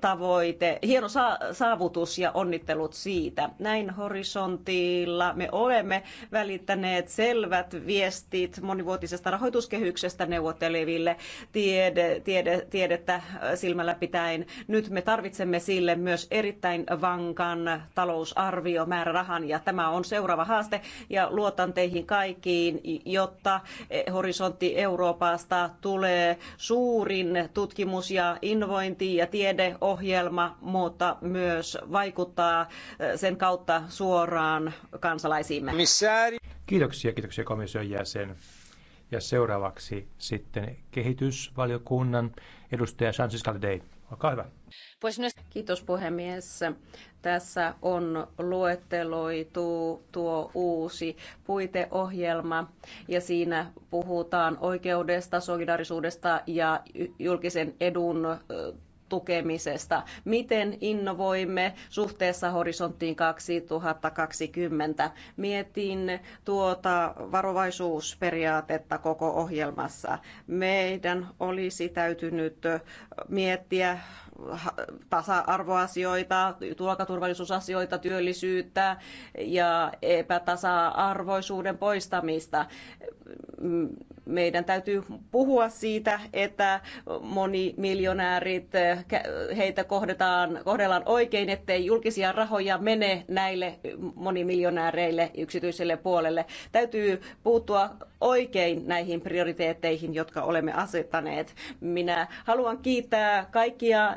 tavoite, hieno saavutus ja onnittelut siitä. Näin horisontilla me olemme välittäneet selvät viestit monivuotisesta rahoituskehyksestä neuvotteleville tiede, tiede, tiedettä silmällä pitäen. Nyt me tarvitsemme sille myös erittäin vankan talousarviomäärärahan ja tämä on seuraava haaste ja luotan teihin kaikkiin, jotta horisontti Euroopasta tulee suurin tutkimus ja innovointi ja tiede tiedeohjelma, mutta myös vaikuttaa eh, sen kautta suoraan kansalaisiimme. Kiitoksia, kiitoksia komission jäsen. Ja seuraavaksi sitten kehitysvaliokunnan edustaja Francis Caldei. Olkaa hyvä. No- Kiitos puhemies. Tässä on luetteloitu tuo uusi puiteohjelma ja siinä puhutaan oikeudesta, solidarisuudesta ja julkisen edun eh, tukemisesta. Miten innovoimme suhteessa horisonttiin 2020? Mietin tuota varovaisuusperiaatetta koko ohjelmassa. Meidän olisi täytynyt miettiä tasa-arvoasioita, ruokaturvallisuusasioita, työllisyyttä ja epätasa-arvoisuuden poistamista. Meidän täytyy puhua siitä, että monimiljonäärit, heitä kohdetaan, kohdellaan oikein, ettei julkisia rahoja mene näille monimiljonääreille yksityiselle puolelle. Täytyy puuttua oikein näihin prioriteetteihin, jotka olemme asettaneet. Minä haluan kiittää kaikkia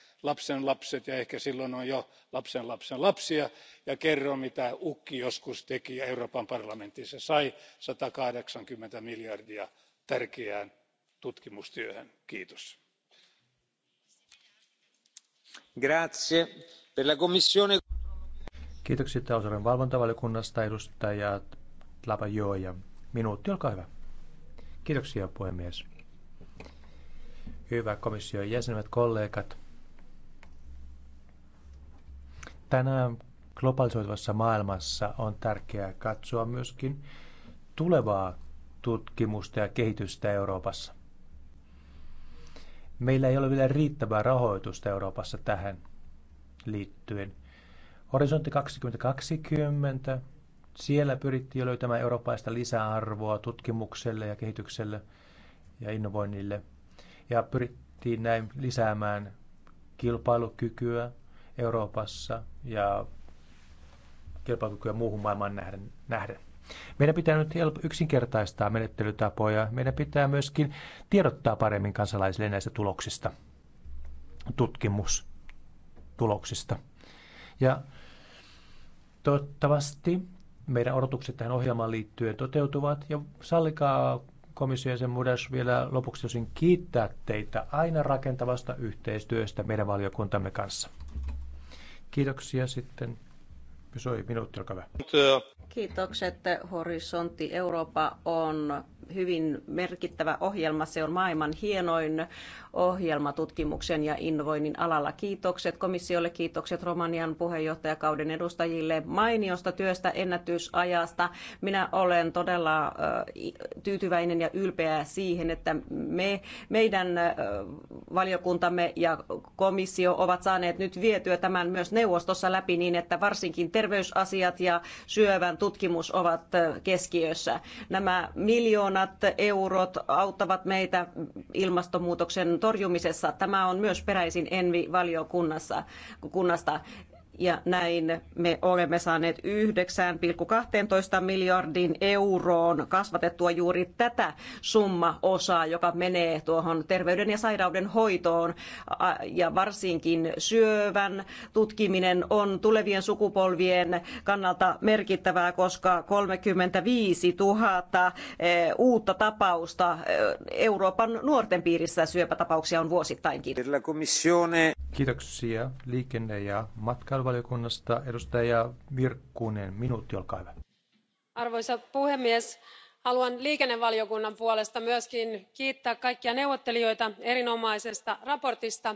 lapsenlapset ja ehkä silloin on jo lapsenlapsenlapsia ja kerron mitä ukki joskus teki euroopan parlamentissa sai satakahdeksankymmentä miljardia tärkeään tutkimustyöhön. kiitos. Kiitoksia talousarvion valvontavaliokunnasta edustaja Labajoja. Minuutti, olkaa hyvä. Kiitoksia puhemies. Hyvä komission jäsenet, kollegat. tänään globalisoituvassa maailmassa on tärkeää katsoa myöskin tulevaa tutkimusta ja kehitystä Euroopassa. Meillä ei ole vielä riittävää rahoitusta Euroopassa tähän liittyen. Horisontti 2020, siellä pyrittiin jo löytämään eurooppaista lisäarvoa tutkimukselle ja kehitykselle ja innovoinnille. Ja pyrittiin näin lisäämään kilpailukykyä Euroopassa ja kilpailukykyä muuhun maailmaan nähden. nähden. Meidän pitää nyt yksinkertaistaa menettelytapoja. Meidän pitää myöskin tiedottaa paremmin kansalaisille näistä tuloksista, tutkimustuloksista. Ja toivottavasti meidän odotukset tähän ohjelmaan liittyen toteutuvat. Ja sallikaa komission sen muodossa vielä lopuksi osin kiittää teitä aina rakentavasta yhteistyöstä meidän valiokuntamme kanssa. Kiitoksia sitten Soi, minuutti, olkaa hyvä. Kiitokset. Horisontti Eurooppa on hyvin merkittävä ohjelma. Se on maailman hienoin ohjelma tutkimuksen ja innovoinnin alalla. Kiitokset komissiolle, kiitokset Romanian puheenjohtajakauden edustajille mainiosta työstä ennätysajasta. Minä olen todella tyytyväinen ja ylpeä siihen, että me, meidän valiokuntamme ja komissio ovat saaneet nyt vietyä tämän myös neuvostossa läpi niin, että varsinkin te terveysasiat ja syövän tutkimus ovat keskiössä. Nämä miljoonat eurot auttavat meitä ilmastonmuutoksen torjumisessa. Tämä on myös peräisin Envi-valiokunnasta ja näin me olemme saaneet 9,12 miljardin euroon kasvatettua juuri tätä summaosaa, joka menee tuohon terveyden ja sairauden hoitoon ja varsinkin syövän tutkiminen on tulevien sukupolvien kannalta merkittävää, koska 35 000 e, uutta tapausta e, Euroopan nuorten piirissä syöpätapauksia on vuosittain. Kiitoksia liikenne- ja matkailu valiokunnasta edustaja Virkkunen. Minuutti, olkaa hyvä. Arvoisa puhemies, haluan liikennevaliokunnan puolesta myöskin kiittää kaikkia neuvottelijoita erinomaisesta mietinnöstä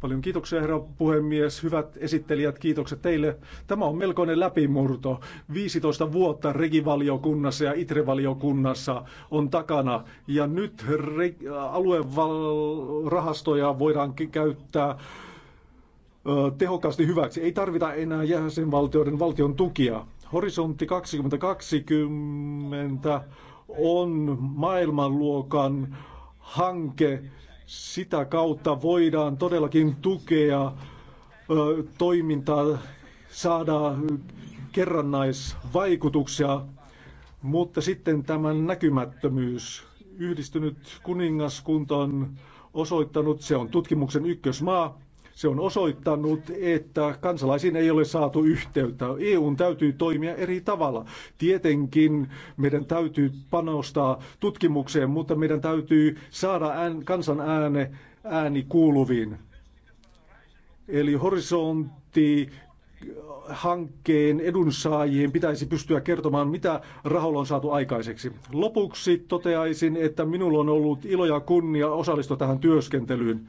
Paljon kiitoksia, herra puhemies. Hyvät esittelijät, kiitokset teille. Tämä on melkoinen läpimurto. 15 vuotta regivaliokunnassa ja itrevaliokunnassa on takana. Ja nyt re- aluerahastoja voidaan käyttää tehokkaasti hyväksi. Ei tarvita enää jäsenvaltioiden valtion tukia. Horisontti 2020 on maailmanluokan hanke, sitä kautta voidaan todellakin tukea toimintaa, saada kerrannaisvaikutuksia, mutta sitten tämän näkymättömyys. Yhdistynyt kuningaskunta on osoittanut, se on tutkimuksen ykkösmaa, se on osoittanut, että kansalaisiin ei ole saatu yhteyttä. EUn täytyy toimia eri tavalla. Tietenkin meidän täytyy panostaa tutkimukseen, mutta meidän täytyy saada ään, kansan ääne, ääni kuuluviin. Eli horisontti hankkeen edunsaajien pitäisi pystyä kertomaan, mitä rahoilla on saatu aikaiseksi. Lopuksi toteaisin, että minulla on ollut ilo ja kunnia osallistua tähän työskentelyyn.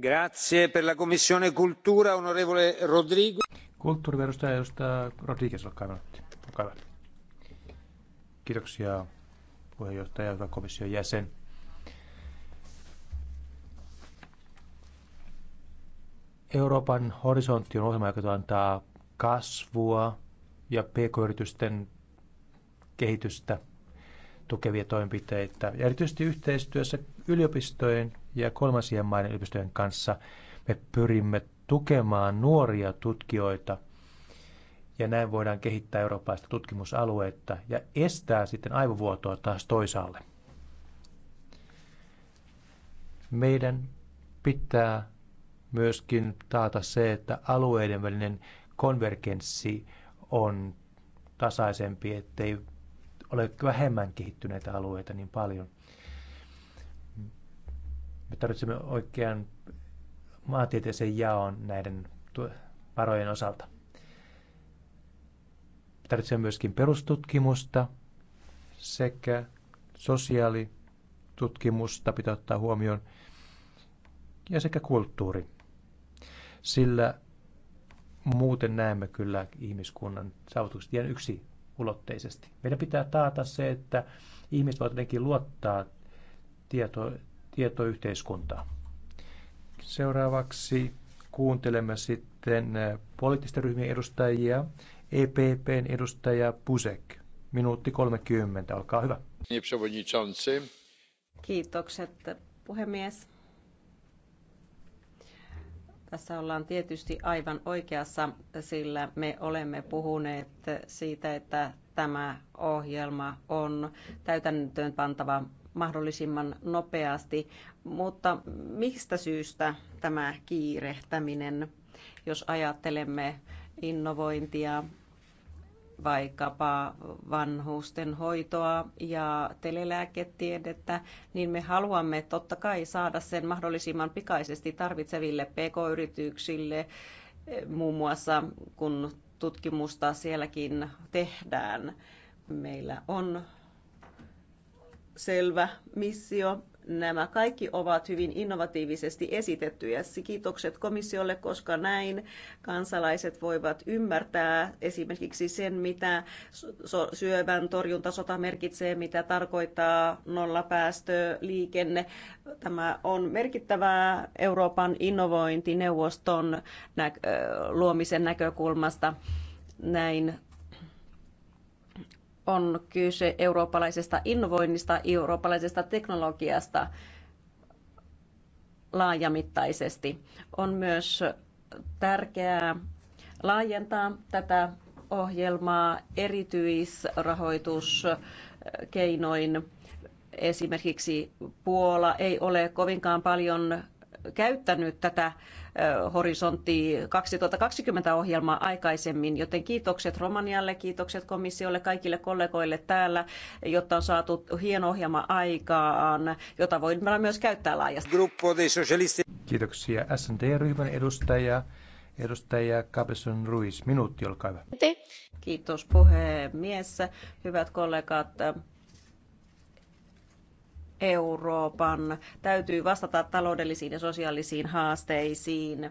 Grazie per hyvä. komission jäsen. Euroopan horisontti on ohjelma, joka antaa kasvua ja pk-yritysten kehitystä tukevia toimenpiteitä. Ja erityisesti yhteistyössä yliopistojen ja kolmansien maiden yliopistojen kanssa. Me pyrimme tukemaan nuoria tutkijoita ja näin voidaan kehittää eurooppalaista tutkimusaluetta ja estää sitten aivovuotoa taas toisaalle. Meidän pitää myöskin taata se, että alueiden välinen konvergenssi on tasaisempi, ettei ole vähemmän kehittyneitä alueita niin paljon. Me tarvitsemme oikean maantieteisen jaon näiden varojen osalta. Me tarvitsemme myöskin perustutkimusta sekä sosiaalitutkimusta pitää ottaa huomioon ja sekä kulttuuri. Sillä muuten näemme kyllä ihmiskunnan saavutukset ihan yksi ulotteisesti. Meidän pitää taata se, että ihmiset voivat jotenkin luottaa tieto, tietoyhteiskuntaa. Seuraavaksi kuuntelemme sitten eh, poliittisten ryhmien edustajia, EPPn edustaja Pusek. Minuutti 30, olkaa hyvä. Kiitokset, puhemies. Tässä ollaan tietysti aivan oikeassa, sillä me olemme puhuneet siitä, että tämä ohjelma on täytäntöön pantava mahdollisimman nopeasti. Mutta mistä syystä tämä kiirehtäminen, jos ajattelemme innovointia, vaikkapa vanhusten hoitoa ja telelääketiedettä, niin me haluamme totta kai saada sen mahdollisimman pikaisesti tarvitseville pk-yrityksille, muun muassa kun tutkimusta sielläkin tehdään. Meillä on selvä missio. Nämä kaikki ovat hyvin innovatiivisesti esitettyjä. Kiitokset komissiolle, koska näin kansalaiset voivat ymmärtää esimerkiksi sen, mitä syövän torjuntasota merkitsee, mitä tarkoittaa nollapäästöliikenne. Tämä on merkittävää Euroopan innovointineuvoston luomisen näkökulmasta näin on kyse eurooppalaisesta innovoinnista, eurooppalaisesta teknologiasta laajamittaisesti. On myös tärkeää laajentaa tätä ohjelmaa erityisrahoituskeinoin. Esimerkiksi Puola ei ole kovinkaan paljon käyttänyt tätä horisontti 2020 ohjelmaa aikaisemmin, joten kiitokset Romanialle, kiitokset komissiolle, kaikille kollegoille täällä, jotta on saatu hieno ohjelma aikaan, jota voidaan myös käyttää laajasti. Kiitoksia SND-ryhmän edustajia. Edustaja Cabezon Ruiz, minuutti, olkaa hyvä. Kiitos puhemies. Hyvät kollegat, Euroopan täytyy vastata taloudellisiin ja sosiaalisiin haasteisiin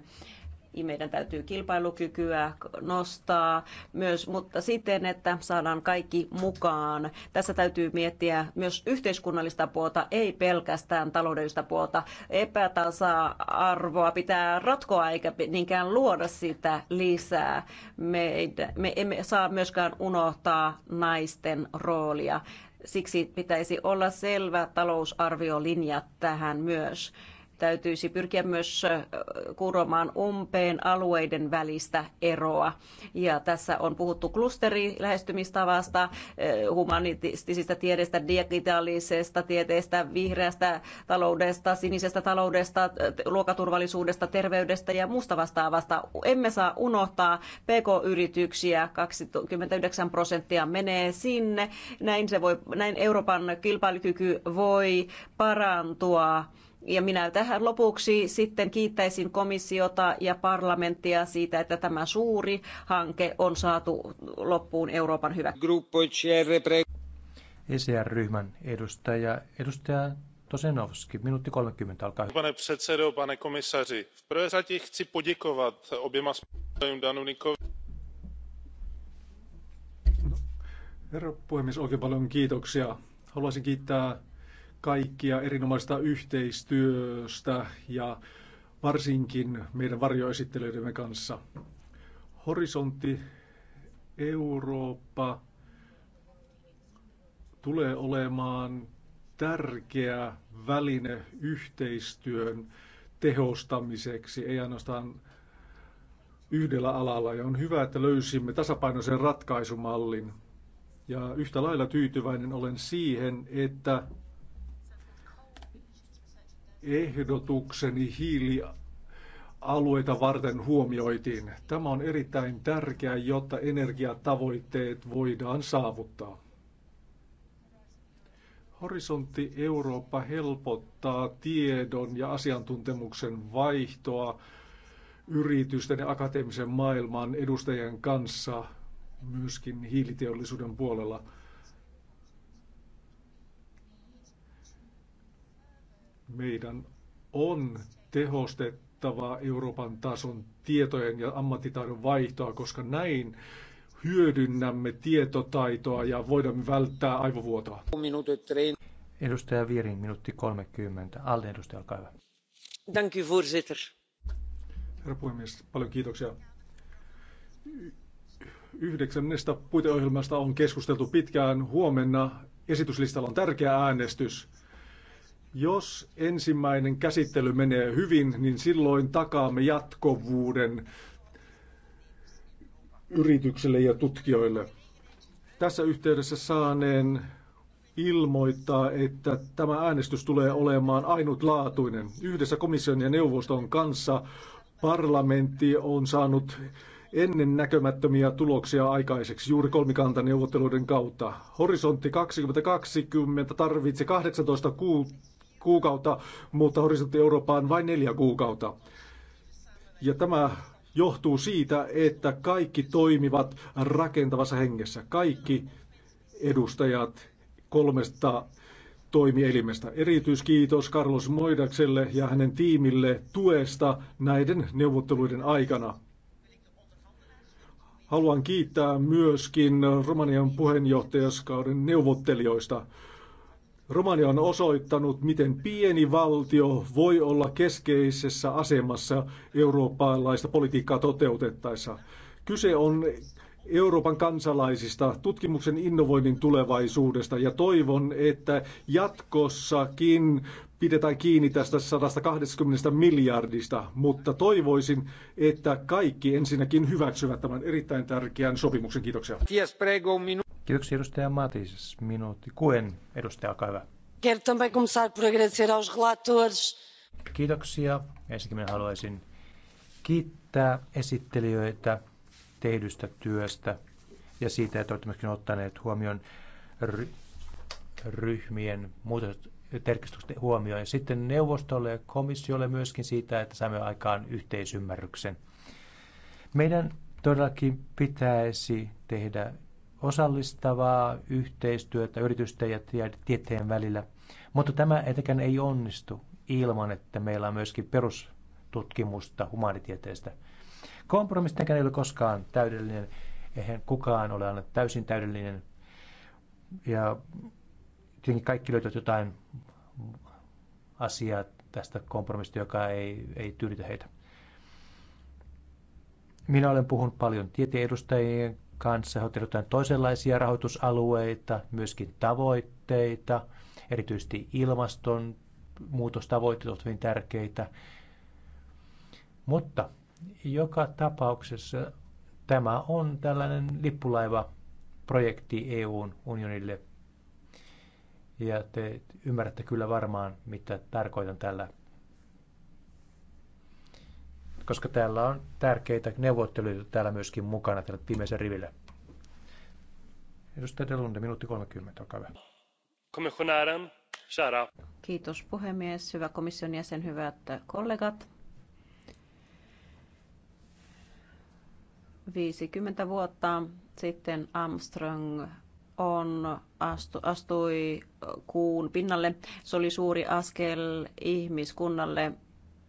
meidän täytyy kilpailukykyä nostaa myös, mutta siten, että saadaan kaikki mukaan. Tässä täytyy miettiä myös yhteiskunnallista puolta, ei pelkästään taloudellista puolta. Epätasa-arvoa pitää ratkoa eikä niinkään luoda sitä lisää. Me, me emme saa myöskään unohtaa naisten roolia. Siksi pitäisi olla selvä talousarviolinja tähän myös täytyisi pyrkiä myös kuromaan umpeen alueiden välistä eroa. Ja tässä on puhuttu klusterilähestymistavasta, humanistisista tiedestä, digitaalisesta tieteestä, vihreästä taloudesta, sinisestä taloudesta, luokaturvallisuudesta terveydestä ja muusta vastaavasta. Emme saa unohtaa PK-yrityksiä, 29 prosenttia menee sinne. Näin, se voi, näin Euroopan kilpailukyky voi parantua ja minä tähän lopuksi sitten kiittäisin komissiota ja parlamenttia siitä, että tämä suuri hanke on saatu loppuun Euroopan hyvä. ECR-ryhmän e edustaja, edustaja Tosenovski, minuutti 30, alkaa. Pane předsedo, pane komisaři, v prvé řadě chci poděkovat oběma zpravodajům Danu Nikovi. Herra puhemies, oikein paljon kiitoksia. Haluaisin kiittää kaikkia erinomaista yhteistyöstä ja varsinkin meidän varjoesittelyidemme kanssa. Horisontti Eurooppa tulee olemaan tärkeä väline yhteistyön tehostamiseksi, ei ainoastaan yhdellä alalla. Ja on hyvä, että löysimme tasapainoisen ratkaisumallin. Ja yhtä lailla tyytyväinen olen siihen, että ehdotukseni hiili alueita varten huomioitiin. Tämä on erittäin tärkeää, jotta energiatavoitteet voidaan saavuttaa. Horisontti Eurooppa helpottaa tiedon ja asiantuntemuksen vaihtoa yritysten ja akateemisen maailman edustajien kanssa myöskin hiiliteollisuuden puolella – Meidän on tehostettava Euroopan tason tietojen ja ammattitaidon vaihtoa, koska näin hyödynnämme tietotaitoa ja voidaan välttää aivovuotoa. Edustaja Viering, minuutti 30. Alde edustaja, olkaa hyvä. Dank u, voorzitter. Herra puhemies, paljon kiitoksia. Yhdeksännestä puiteohjelmasta on keskusteltu pitkään. Huomenna esityslistalla on tärkeä äänestys. Jos ensimmäinen käsittely menee hyvin, niin silloin takaamme jatkuvuuden yrityksille ja tutkijoille. Tässä yhteydessä saaneen ilmoittaa, että tämä äänestys tulee olemaan ainutlaatuinen. Yhdessä komission ja neuvoston kanssa parlamentti on saanut ennen näkömättömiä tuloksia aikaiseksi juuri kolmikantaneuvotteluiden kautta. Horisontti 2020 tarvitsi 18 kuukautta kuukautta, mutta Horisontti Eurooppaan vain neljä kuukautta. Ja tämä johtuu siitä, että kaikki toimivat rakentavassa hengessä. Kaikki edustajat kolmesta toimielimestä. Erityiskiitos Carlos Moidakselle ja hänen tiimille tuesta näiden neuvotteluiden aikana. Haluan kiittää myöskin Romanian puheenjohtajaskauden neuvottelijoista. Romania on osoittanut, miten pieni valtio voi olla keskeisessä asemassa eurooppalaista politiikkaa toteutettaessa. Kyse on Euroopan kansalaisista, tutkimuksen innovoinnin tulevaisuudesta ja toivon, että jatkossakin pidetään kiinni tästä 120 miljardista, mutta toivoisin, että kaikki ensinnäkin hyväksyvät tämän erittäin tärkeän sopimuksen. Kiitoksia. Kiitoksia edustaja Matis. Minuutti kuen. Edustaja, Kaiva. Kiitoksia. Ensinnäkin minä haluaisin kiittää esittelijöitä tehdystä työstä ja siitä, että olette myöskin ottaneet huomioon ry- ryhmien muutokset terkistykset huomioon. Ja sitten neuvostolle ja komissiolle myöskin siitä, että saamme aikaan yhteisymmärryksen. Meidän todellakin pitäisi tehdä osallistavaa yhteistyötä yritysten ja tieteen välillä. Mutta tämä etenkään ei onnistu ilman, että meillä on myöskin perustutkimusta humanitieteestä. Kompromissikään ei ole koskaan täydellinen. Eihän kukaan ole aina täysin täydellinen. Ja tietenkin kaikki löytävät jotain asiaa tästä kompromista, joka ei, ei tyydytä heitä. Minä olen puhunut paljon tieteen edustajien kanssa. He ovat toisenlaisia rahoitusalueita, myöskin tavoitteita, erityisesti ilmastonmuutostavoitteet ovat hyvin tärkeitä. Mutta joka tapauksessa tämä on tällainen lippulaiva projekti EUn unionille. Ja te ymmärrätte kyllä varmaan, mitä tarkoitan tällä koska täällä on tärkeitä neuvotteluita täällä myöskin mukana täällä viimeisen rivillä. Edustaja Delunde, minuutti 30, olkaa hyvä. Komissionären, kära. Kiitos puhemies, hyvä komission jäsen, hyvät kollegat. 50 vuotta sitten Armstrong on, astu, astui kuun pinnalle. Se oli suuri askel ihmiskunnalle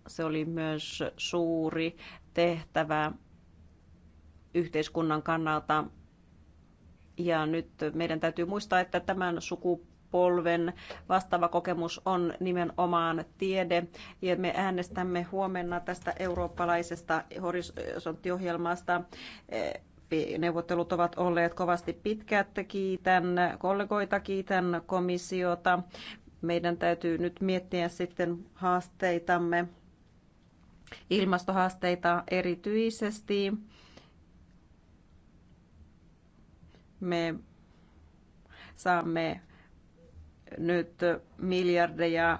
se oli myös suuri tehtävä yhteiskunnan kannalta. Ja nyt meidän täytyy muistaa, että tämän sukupolven vastaava kokemus on nimenomaan tiede. Ja me äänestämme huomenna tästä eurooppalaisesta horisonttiohjelmasta eh, neuvottelut ovat olleet kovasti pitkät. Kiitän kollegoita, kiitän komissiota. Meidän täytyy nyt miettiä sitten haasteitamme ilmastohaasteita erityisesti. Me saamme nyt miljardeja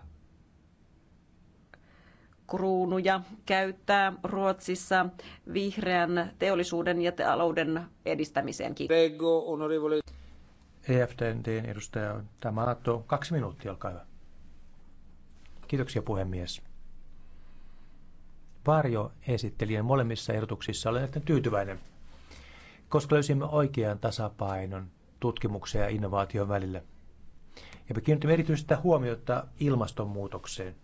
kruunuja käyttää Ruotsissa vihreän teollisuuden ja talouden edistämiseen. Kiitos. EFTNTn e edustaja Tamato, kaksi minuuttia, olkaa hyvä. Kiitoksia puhemies varjoesittelijän molemmissa ehdotuksissa olen erittäin tyytyväinen, koska löysimme oikean tasapainon tutkimuksen ja innovaation välillä. Ja me kiinnitimme erityisesti huomiota ilmastonmuutokseen.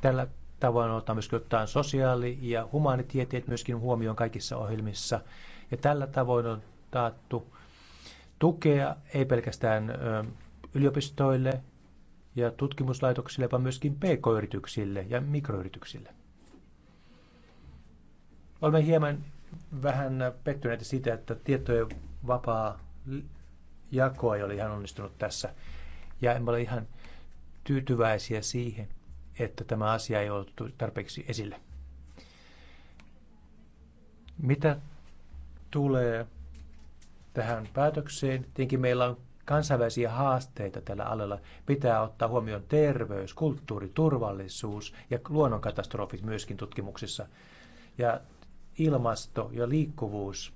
Tällä tavoin otetaan myöskin ottaen sosiaali- ja humanitieteet myöskin huomioon kaikissa ohjelmissa. Ja tällä tavoin on taattu tukea ei pelkästään yliopistoille ja tutkimuslaitoksille, vaan myöskin pk-yrityksille ja mikroyrityksille. Olemme hieman vähän pettyneitä siitä, että tietojen vapaa jako ei ole ihan onnistunut tässä. Ja emme ole ihan tyytyväisiä siihen, että tämä asia ei ole tarpeeksi esille. Mitä tulee tähän päätökseen, tietenkin meillä on kansainvälisiä haasteita tällä alalla. Pitää ottaa huomioon terveys, kulttuuri, turvallisuus ja luonnonkatastrofit myöskin tutkimuksissa. Ja ilmasto ja liikkuvuus,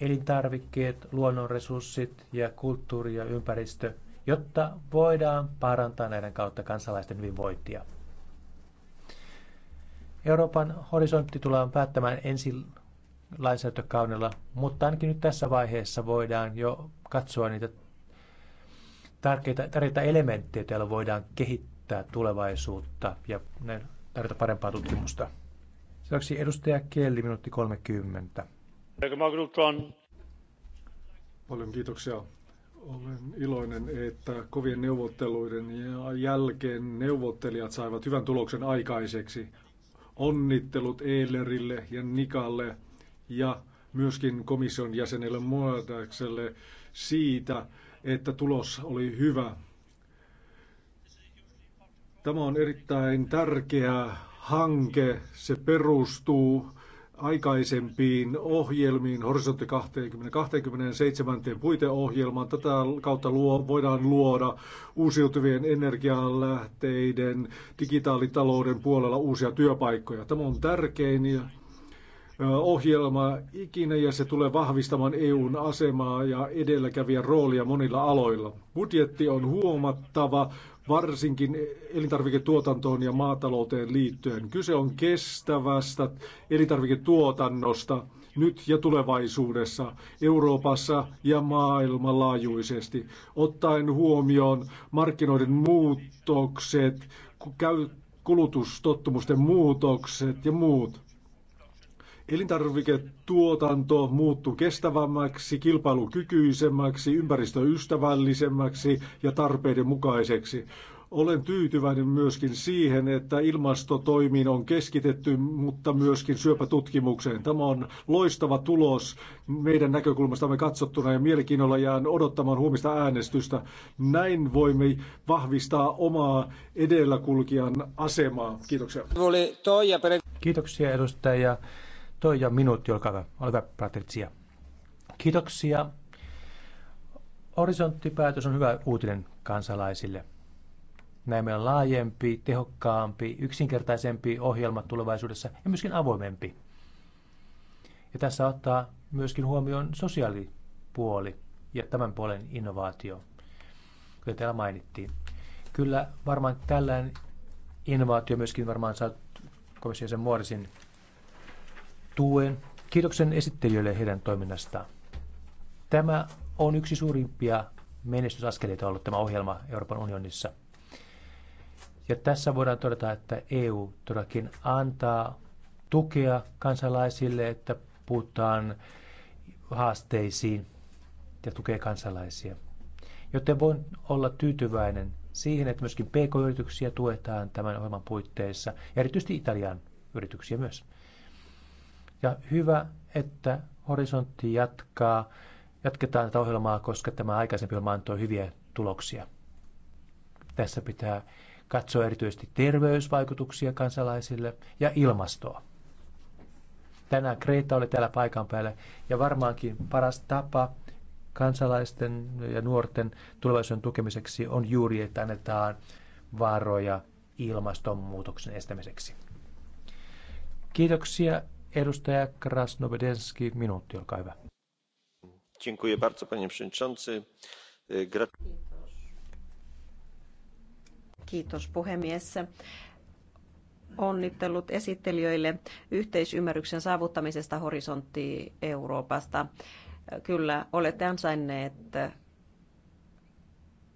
elintarvikkeet, luonnonresurssit ja kulttuuri ja ympäristö, jotta voidaan parantaa näiden kautta kansalaisten hyvinvointia. Euroopan horisontti tullaan päättämään ensi lainsäädäntökaudella, mutta ainakin nyt tässä vaiheessa voidaan jo katsoa niitä tärkeitä, tärkeitä elementtejä, joilla voidaan kehittää tulevaisuutta ja tarjota parempaa tutkimusta. Seuraavaksi edustaja Kelli, minuutti 30. Paljon kiitoksia. Olen iloinen, että kovien neuvotteluiden jälkeen neuvottelijat saivat hyvän tuloksen aikaiseksi. Onnittelut Eilerille ja Nikalle ja myöskin komission jäsenelle Muodakselle siitä, että tulos oli hyvä. Tämä on erittäin tärkeä hanke. Se perustuu aikaisempiin ohjelmiin, Horisontti 2027 puiteohjelmaan. Tätä kautta luo, voidaan luoda uusiutuvien energialähteiden, digitaalitalouden puolella uusia työpaikkoja. Tämä on tärkein ohjelma ikinä ja se tulee vahvistamaan EUn asemaa ja edelläkävijän roolia monilla aloilla. Budjetti on huomattava varsinkin elintarviketuotantoon ja maatalouteen liittyen. Kyse on kestävästä elintarviketuotannosta nyt ja tulevaisuudessa Euroopassa ja maailmanlaajuisesti, ottaen huomioon markkinoiden muutokset, kulutustottumusten muutokset ja muut. Elintarviketuotanto muuttuu kestävämmäksi, kilpailukykyisemmäksi, ympäristöystävällisemmäksi ja tarpeiden mukaiseksi. Olen tyytyväinen myöskin siihen, että ilmastotoimiin on keskitetty, mutta myöskin syöpätutkimukseen. Tämä on loistava tulos meidän näkökulmastamme katsottuna ja mielenkiinnolla jään odottamaan huomista äänestystä. Näin voimme vahvistaa omaa edelläkulkijan asemaa. Kiitoksia. Kiitoksia edustaja toi ja minuutti, olkaa hyvä. hyvä, Patricia. Kiitoksia. Horisonttipäätös on hyvä uutinen kansalaisille. Näin meillä on laajempi, tehokkaampi, yksinkertaisempi ohjelma tulevaisuudessa ja myöskin avoimempi. Ja tässä ottaa myöskin huomioon sosiaalipuoli ja tämän puolen innovaatio, kuten täällä mainittiin. Kyllä varmaan tällainen innovaatio myöskin varmaan saa komission sen muodisin tuen kiitoksen esittelijöille heidän toiminnastaan. Tämä on yksi suurimpia menestysaskeleita ollut tämä ohjelma Euroopan unionissa. Ja tässä voidaan todeta, että EU todellakin antaa tukea kansalaisille, että puhutaan haasteisiin ja tukee kansalaisia. Joten voin olla tyytyväinen siihen, että myöskin PK-yrityksiä tuetaan tämän ohjelman puitteissa, ja erityisesti Italian yrityksiä myös. Ja hyvä, että horisontti jatkaa, jatketaan tätä ohjelmaa, koska tämä aikaisempi ohjelma antoi hyviä tuloksia. Tässä pitää katsoa erityisesti terveysvaikutuksia kansalaisille ja ilmastoa. Tänään Kreeta oli täällä paikan päällä ja varmaankin paras tapa kansalaisten ja nuorten tulevaisuuden tukemiseksi on juuri, että annetaan varoja ilmastonmuutoksen estämiseksi. Kiitoksia Edustaja Krasnovedenski, minuutti, olkaa hyvä. Dziękuję bardzo, panie przewodniczący. Kiitos puhemies. Onnittelut esittelijöille yhteisymmärryksen saavuttamisesta horisontti Euroopasta. Kyllä olette ansainneet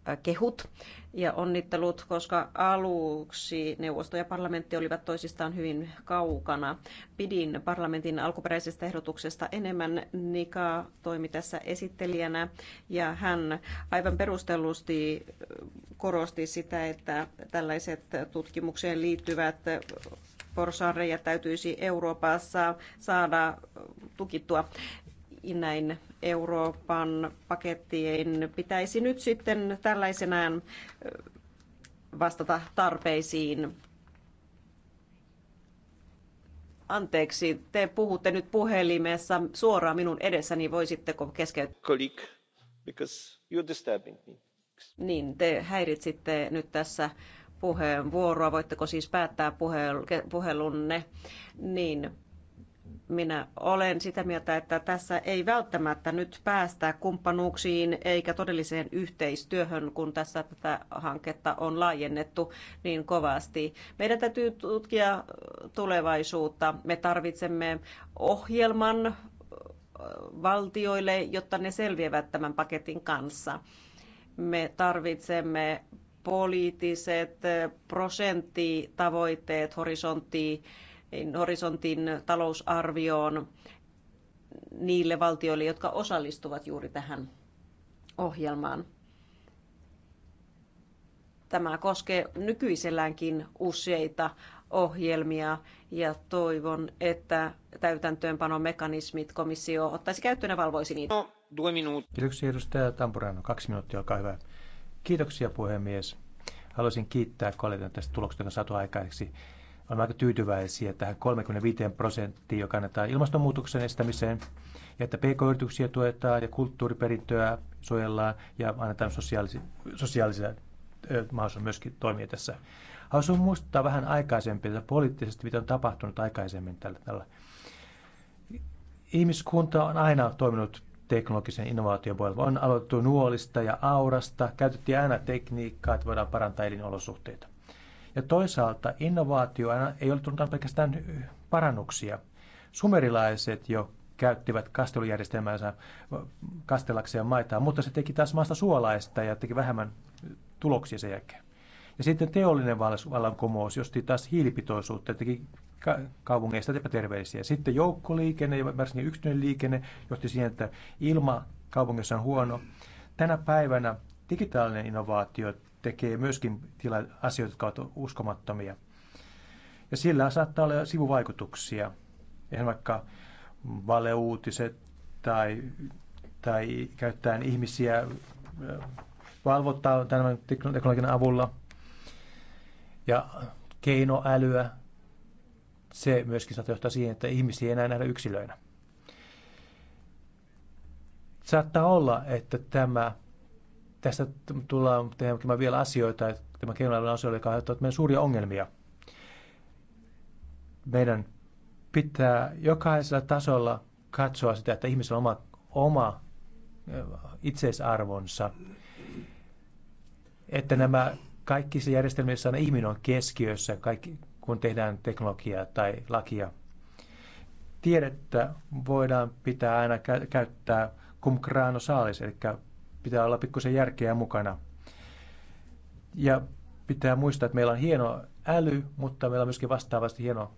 Äh, kehut ja onnittelut, koska aluksi neuvosto ja parlamentti olivat toisistaan hyvin kaukana. Pidin parlamentin alkuperäisestä ehdotuksesta enemmän. Nika toimi tässä esittelijänä ja hän aivan perustellusti äh, korosti sitä, että tällaiset tutkimukseen liittyvät äh, porsaanreijät täytyisi Euroopassa saada tukittua näin Euroopan pakettien pitäisi nyt sitten tällaisenaan vastata tarpeisiin. Anteeksi, te puhutte nyt puhelimessa suoraan minun edessäni, voisitteko keskeyttää? Colleague, because you're disturbing me. Niin, te häiritsitte nyt tässä puheenvuoroa. Voitteko siis päättää puhelunne? Niin, minä olen sitä mieltä, että tässä ei välttämättä nyt päästä kumppanuuksiin eikä todelliseen yhteistyöhön, kun tässä tätä hanketta on laajennettu niin kovasti. Meidän täytyy tutkia tulevaisuutta. Me tarvitsemme ohjelman valtioille, jotta ne selviävät tämän paketin kanssa. Me tarvitsemme poliittiset prosenttitavoitteet horisonttiin niin horisontin talousarvioon niille valtioille, jotka osallistuvat juuri tähän ohjelmaan. Tämä koskee nykyiselläänkin useita ohjelmia ja toivon, että täytäntöönpanomekanismit komissio ottaisi käyttöön ja valvoisi niitä. No, Kiitoksia edustaja Tampurano. Kaksi minuuttia, olkaa hyvä. Kiitoksia puhemies. Haluaisin kiittää kollegoita tästä tuloksesta, joka on saatu aikaiseksi. Olemme aika tyytyväisiä tähän 35 prosenttiin, joka annetaan ilmastonmuutoksen estämiseen, ja että pk-yrityksiä tuetaan ja kulttuuriperintöä suojellaan ja annetaan sosiaalisia, sosiaalisia mahdollisuuksia myöskin toimia tässä. Haluaisin muistuttaa vähän aikaisemmin, että poliittisesti mitä on tapahtunut aikaisemmin tällä, tällä. Ihmiskunta on aina toiminut teknologisen innovaation puolella. On aloitettu nuolista ja aurasta, käytettiin aina tekniikkaa, että voidaan parantaa elinolosuhteita. Ja toisaalta innovaatio ei ole tullut pelkästään parannuksia. Sumerilaiset jo käyttivät kastelujärjestelmäänsä kastellakseen maitaan, mutta se teki taas maasta suolaista ja teki vähemmän tuloksia sen jälkeen. Ja sitten teollinen vallankumous, josti taas hiilipitoisuutta, teki kaupungeista epäterveisiä. Sitten joukkoliikenne ja varsinkin yksityinen liikenne johti siihen, että ilma kaupungissa on huono. Tänä päivänä digitaalinen innovaatio tekee myöskin tila- asioita, jotka ovat uskomattomia. Ja sillä saattaa olla sivuvaikutuksia, ihan vaikka valeuutiset tai, tai käyttäen ihmisiä valvottaa tämän teknologian avulla ja keinoälyä. Se myöskin saattaa johtaa siihen, että ihmisiä ei enää nähdä yksilöinä. Saattaa olla, että tämä Tästä tullaan tekemään vielä asioita, että tämä keinoälyinen asioilla, joka että meidän suuria ongelmia. Meidän pitää jokaisella tasolla katsoa sitä, että ihmisellä on oma, oma äh, itseisarvonsa. Että nämä kaikki se järjestelmissä on ihminen on keskiössä, kaikki, kun tehdään teknologiaa tai lakia. Tiedettä voidaan pitää aina käyttää cum grano saalis, eli pitää olla pikkusen järkeä mukana. Ja pitää muistaa, että meillä on hieno äly, mutta meillä on myöskin vastaavasti hieno,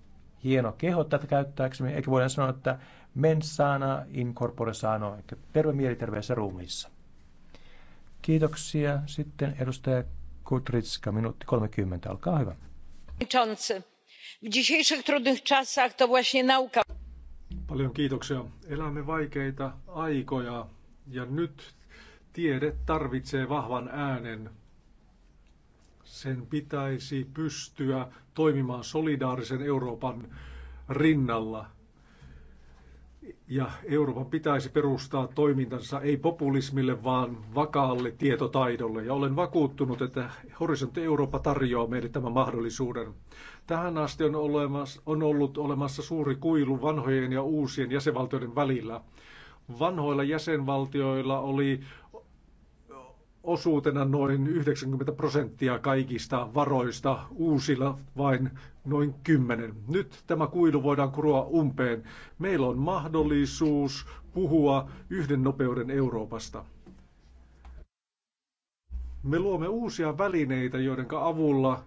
hieno keho tätä käyttääksemme. Eikä voidaan sanoa, että men sana in corpore sano, eli terve mieli terveessä ruumiissa. Kiitoksia. Sitten edustaja Kutritska, minuutti 30, olkaa hyvä. W dzisiejszych trudnych czasach to właśnie nauka. Paljon kiitoksia. Elämme vaikeita aikoja ja nyt Tiede tarvitsee vahvan äänen. Sen pitäisi pystyä toimimaan solidaarisen Euroopan rinnalla. Ja Euroopan pitäisi perustaa toimintansa ei populismille, vaan vakaalle tietotaidolle. Ja olen vakuuttunut, että Horisontti Eurooppa tarjoaa meille tämän mahdollisuuden. Tähän asti on, olemas, on ollut olemassa suuri kuilu vanhojen ja uusien jäsenvaltioiden välillä vanhoilla jäsenvaltioilla oli osuutena noin 90 prosenttia kaikista varoista, uusilla vain noin 10. Nyt tämä kuilu voidaan kuroa umpeen. Meillä on mahdollisuus puhua yhden nopeuden Euroopasta. Me luomme uusia välineitä, joiden avulla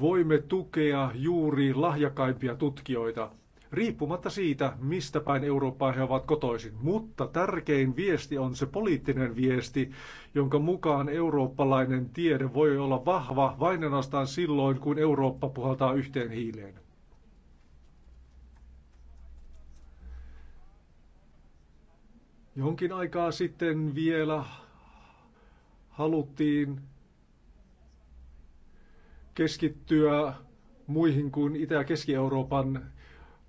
voimme tukea juuri lahjakaimpia tutkijoita – riippumatta siitä, mistä päin Eurooppaa he ovat kotoisin. Mutta tärkein viesti on se poliittinen viesti, jonka mukaan eurooppalainen tiede voi olla vahva vain ainoastaan silloin, kun Eurooppa puhaltaa yhteen hiileen. Jonkin aikaa sitten vielä haluttiin keskittyä muihin kuin Itä- ja Keski-Euroopan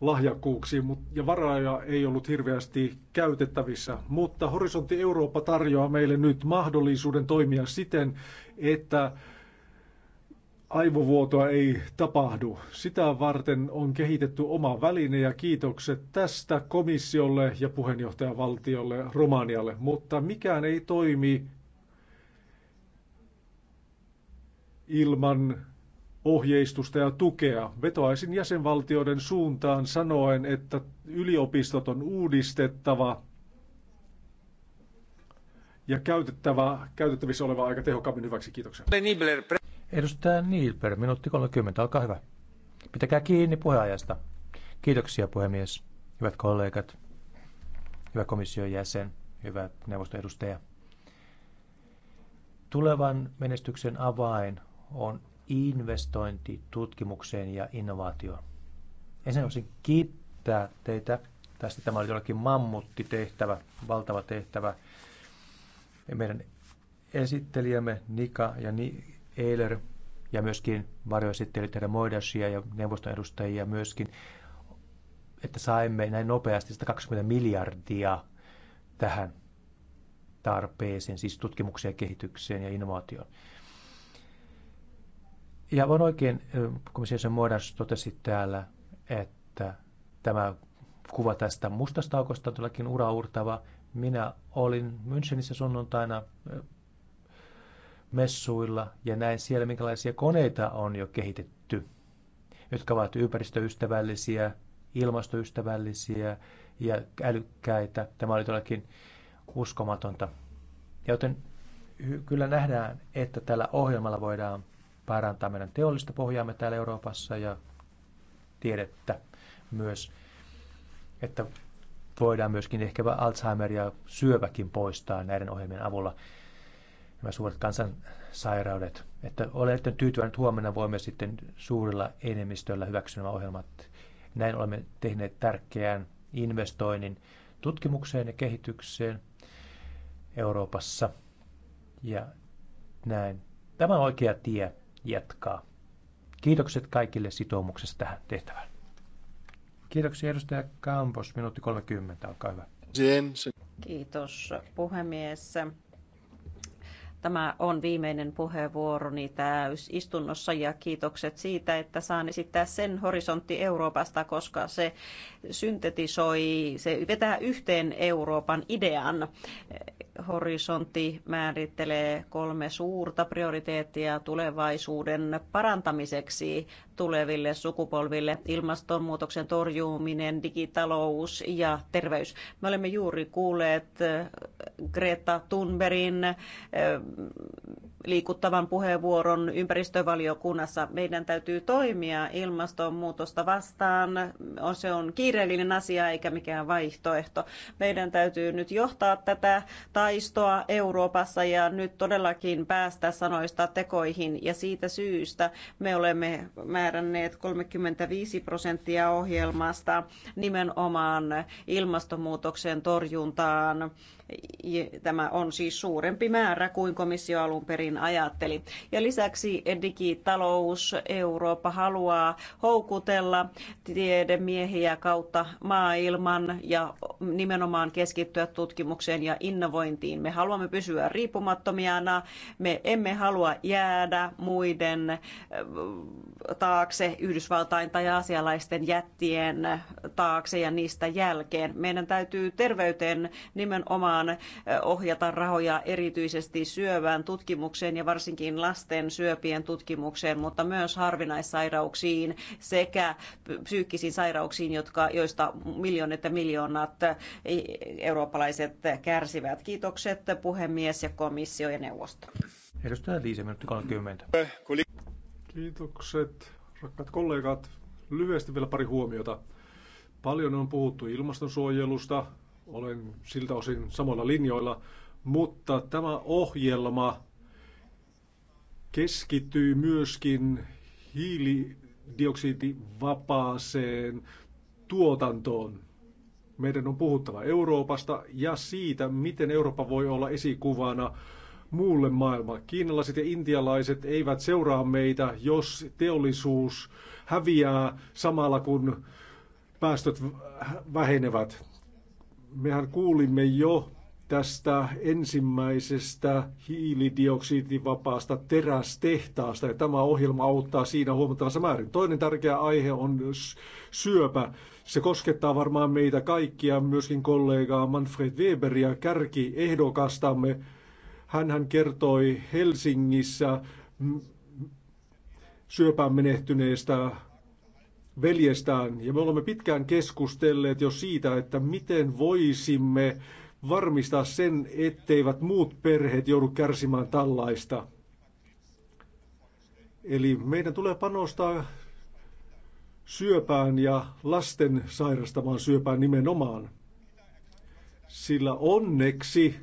lahjakkuuksiin ja varoja ei ollut hirveästi käytettävissä. Mutta Horisontti Eurooppa tarjoaa meille nyt mahdollisuuden toimia siten, että aivovuotoa ei tapahdu. Sitä varten on kehitetty oma väline ja kiitokset tästä komissiolle ja puheenjohtajavaltiolle Romanialle. Mutta mikään ei toimi ilman ohjeistusta ja tukea. Vetoaisin jäsenvaltioiden suuntaan sanoen, että yliopistot on uudistettava ja käytettävä, käytettävissä oleva aika tehokkaammin hyväksi. Kiitoksia. Edustaja Niilper, minuutti 30, olkaa hyvä. Pitäkää kiinni puheajasta. Kiitoksia puhemies, hyvät kollegat, hyvä komission jäsen, hyvät neuvoston Tulevan menestyksen avain on investointi tutkimukseen ja innovaatioon. Ensin haluaisin kiittää teitä tästä. Tämä oli jollakin mammuttitehtävä, valtava tehtävä. Meidän esittelijämme Nika ja Ni- Eiler ja myöskin varjoesittelijät ja Moidashia ja neuvoston edustajia myöskin, että saimme näin nopeasti 120 miljardia tähän tarpeeseen, siis tutkimukseen, kehitykseen ja innovaatioon. Ja on oikein, komissiossa muodossa totesi täällä, että tämä kuva tästä mustasta aukosta on todellakin uraurtava. Minä olin Münchenissä sunnuntaina messuilla ja näin siellä, minkälaisia koneita on jo kehitetty, jotka ovat ympäristöystävällisiä, ilmastoystävällisiä ja älykkäitä. Tämä oli todellakin uskomatonta. Joten kyllä nähdään, että tällä ohjelmalla voidaan parantaa meidän teollista pohjaamme täällä Euroopassa ja tiedettä myös, että voidaan myöskin ehkä Alzheimer ja syöväkin poistaa näiden ohjelmien avulla nämä suuret kansansairaudet. Että olen että tyytyväinen, että huomenna voimme sitten suurilla enemmistöllä hyväksyä nämä ohjelmat. Näin olemme tehneet tärkeän investoinnin tutkimukseen ja kehitykseen Euroopassa. Ja näin. Tämä on oikea tie jatkaa. Kiitokset kaikille sitoumuksesta tähän tehtävään. Kiitoksia edustaja Kampos. Minuutti 30, olkaa hyvä. Kiitos puhemies. Tämä on viimeinen puheenvuoroni täysistunnossa ja kiitokset siitä, että saan esittää sen horisontti Euroopasta, koska se syntetisoi, se vetää yhteen Euroopan idean. Horisontti määrittelee kolme suurta prioriteettia tulevaisuuden parantamiseksi tuleville sukupolville, ilmastonmuutoksen torjuminen, digitalous ja terveys. Me olemme juuri kuulleet äh, Greta Thunbergin äh, liikuttavan puheenvuoron ympäristövaliokunnassa. Meidän täytyy toimia ilmastonmuutosta vastaan. Se on kiireellinen asia eikä mikään vaihtoehto. Meidän täytyy nyt johtaa tätä taistoa Euroopassa ja nyt todellakin päästä sanoista tekoihin. Ja siitä syystä me olemme määränneet 35 prosenttia ohjelmasta nimenomaan ilmastonmuutoksen torjuntaan. Tämä on siis suurempi määrä kuin komissio alun perin ajatteli. Ja lisäksi digitalous Eurooppa haluaa houkutella tiedemiehiä kautta maailman ja nimenomaan keskittyä tutkimukseen ja innovointiin. Me haluamme pysyä riippumattomiana. me emme halua jäädä muiden ta- äh, taakse, Yhdysvaltain tai asialaisten jättien taakse ja niistä jälkeen. Meidän täytyy terveyteen nimenomaan ohjata rahoja erityisesti syövään tutkimukseen ja varsinkin lasten syöpien tutkimukseen, mutta myös harvinaissairauksiin sekä psyykkisiin sairauksiin, jotka, joista miljoonat ja miljoonat eurooppalaiset kärsivät. Kiitokset puhemies ja komissio ja neuvosto. Edustaja Liise, minuutti 30. Kiitokset Rakkaat kollegat, lyhyesti vielä pari huomiota. Paljon on puhuttu ilmastonsuojelusta, olen siltä osin samoilla linjoilla, mutta tämä ohjelma keskittyy myöskin hiilidioksidivapaaseen tuotantoon. Meidän on puhuttava Euroopasta ja siitä, miten Eurooppa voi olla esikuvana muulle maailmalle. Kiinalaiset ja intialaiset eivät seuraa meitä, jos teollisuus häviää samalla kun päästöt vähenevät. Mehän kuulimme jo tästä ensimmäisestä hiilidioksidivapaasta terästehtaasta ja tämä ohjelma auttaa siinä huomattavassa määrin. Toinen tärkeä aihe on syöpä. Se koskettaa varmaan meitä kaikkia, myöskin kollegaa Manfred Weberia, kärkiehdokastamme. Hän hän kertoi Helsingissä syöpään menehtyneestä veljestään. Ja me olemme pitkään keskustelleet jo siitä, että miten voisimme varmistaa sen, etteivät muut perheet joudu kärsimään tällaista. Eli meidän tulee panostaa syöpään ja lasten sairastamaan syöpään nimenomaan. Sillä onneksi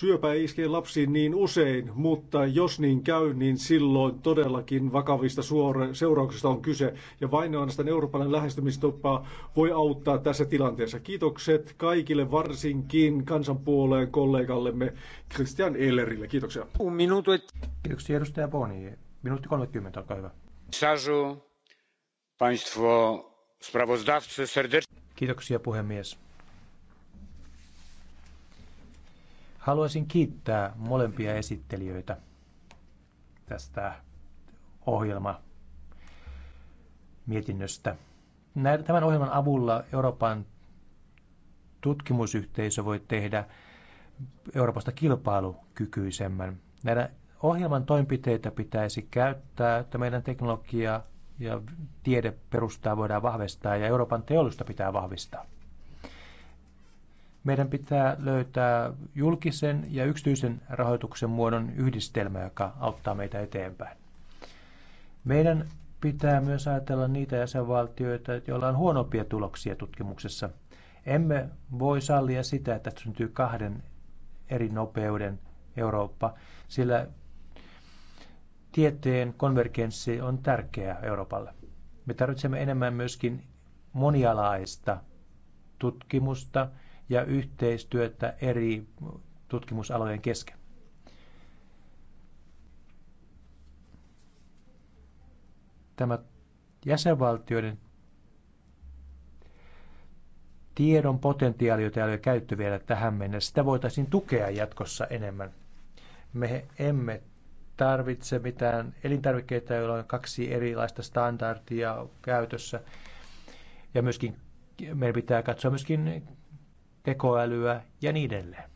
Syöpä ei iske lapsiin niin usein, mutta jos niin käy, niin silloin todellakin vakavista suora- seurauksista on kyse. Ja vain ainoastaan Euroopan lähestymistapa voi auttaa tässä tilanteessa. Kiitokset kaikille, varsinkin kansanpuoleen kollegallemme Christian Ellerille. Kiitoksia. Un minuto Kiitoksia edustaja Boni. Minuutti 30, olkaa hyvä. państwo, sprawozdawcy, serdecznie. Kiitoksia puhemies Haluaisin kiittää molempia esittelijöitä tästä ohjelma mietinnöstä. Tämän ohjelman avulla Euroopan tutkimusyhteisö voi tehdä Euroopasta kilpailukykyisemmän. Näitä ohjelman toimenpiteitä pitäisi käyttää, että meidän teknologia ja tiede perustaa voidaan vahvistaa ja Euroopan teollista pitää vahvistaa. Meidän pitää löytää julkisen ja yksityisen rahoituksen muodon yhdistelmä, joka auttaa meitä eteenpäin. Meidän pitää myös ajatella niitä jäsenvaltioita, joilla on huonompia tuloksia tutkimuksessa. Emme voi sallia sitä, että syntyy kahden eri nopeuden Eurooppa, sillä tieteen konvergenssi on tärkeää Euroopalle. Me tarvitsemme enemmän myöskin monialaista tutkimusta ja yhteistyötä eri tutkimusalojen kesken. Tämä jäsenvaltioiden tiedon potentiaali, jota ei ole käytetty vielä tähän mennessä, sitä voitaisiin tukea jatkossa enemmän. Me emme tarvitse mitään elintarvikkeita, joilla on kaksi erilaista standardia käytössä. Ja myöskin meidän pitää katsoa myöskin tekoälyä ja niin edelleen.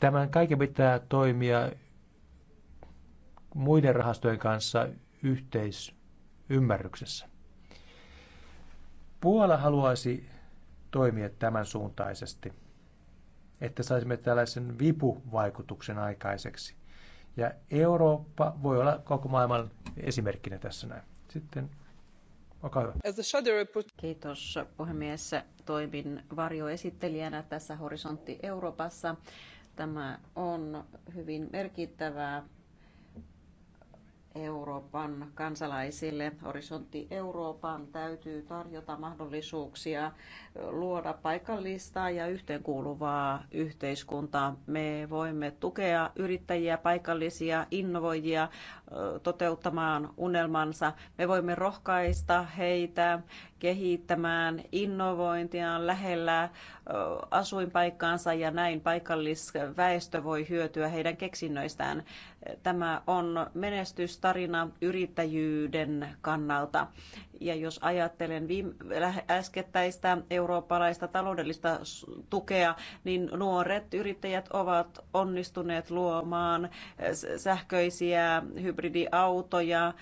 Tämän kaiken pitää toimia muiden rahastojen kanssa yhteisymmärryksessä. Puola haluaisi toimia tämän suuntaisesti, että saisimme tällaisen vipuvaikutuksen aikaiseksi. Ja Eurooppa voi olla koko maailman esimerkkinä tässä näin. Sitten Olkaa hyvä. Kiitos puhemies. Toimin varjoesittelijänä tässä Horisontti Euroopassa. Tämä on hyvin merkittävää Euroopan kansalaisille. Horisontti Euroopan täytyy tarjota mahdollisuuksia luoda paikallista ja yhteenkuuluvaa yhteiskuntaa. Me voimme tukea yrittäjiä, paikallisia innovoijia toteuttamaan unelmansa. Me voimme rohkaista heitä kehittämään innovointia lähellä asuinpaikkaansa ja näin paikallisväestö voi hyötyä heidän keksinnöistään. Tämä on menestystarina yrittäjyyden kannalta. Ja jos ajattelen viime, äskettäistä eurooppalaista taloudellista tukea, niin nuoret yrittäjät ovat onnistuneet luomaan äh, sähköisiä hybridiautoja,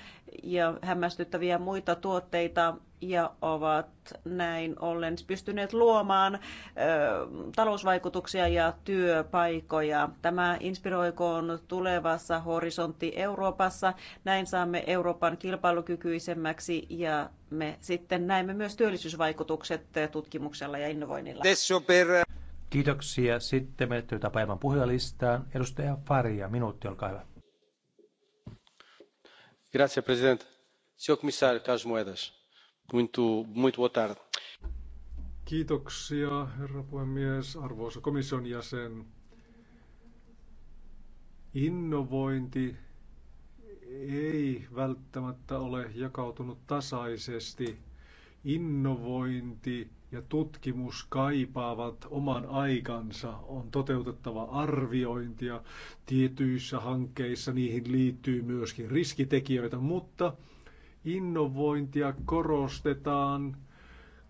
ja hämmästyttäviä muita tuotteita ja ovat näin ollen pystyneet luomaan ö, talousvaikutuksia ja työpaikoja. Tämä inspiroikoon tulevassa horisontti Euroopassa. Näin saamme Euroopan kilpailukykyisemmäksi ja me sitten näemme myös työllisyysvaikutukset tutkimuksella ja innovoinnilla. Kiitoksia. Sitten menettelytään päivän puhujalistaan. Edustaja Faria, minuutti, olkaa hyvä senhor presidente senhor comissário carlos moedas muito, boa tarde. arvoisa komission jäsen. Innovointi ei välttämättä ole jakautunut tasaisesti. Innovointi ja tutkimus kaipaavat oman aikansa. On toteutettava arviointia tietyissä hankkeissa, niihin liittyy myöskin riskitekijöitä, mutta innovointia korostetaan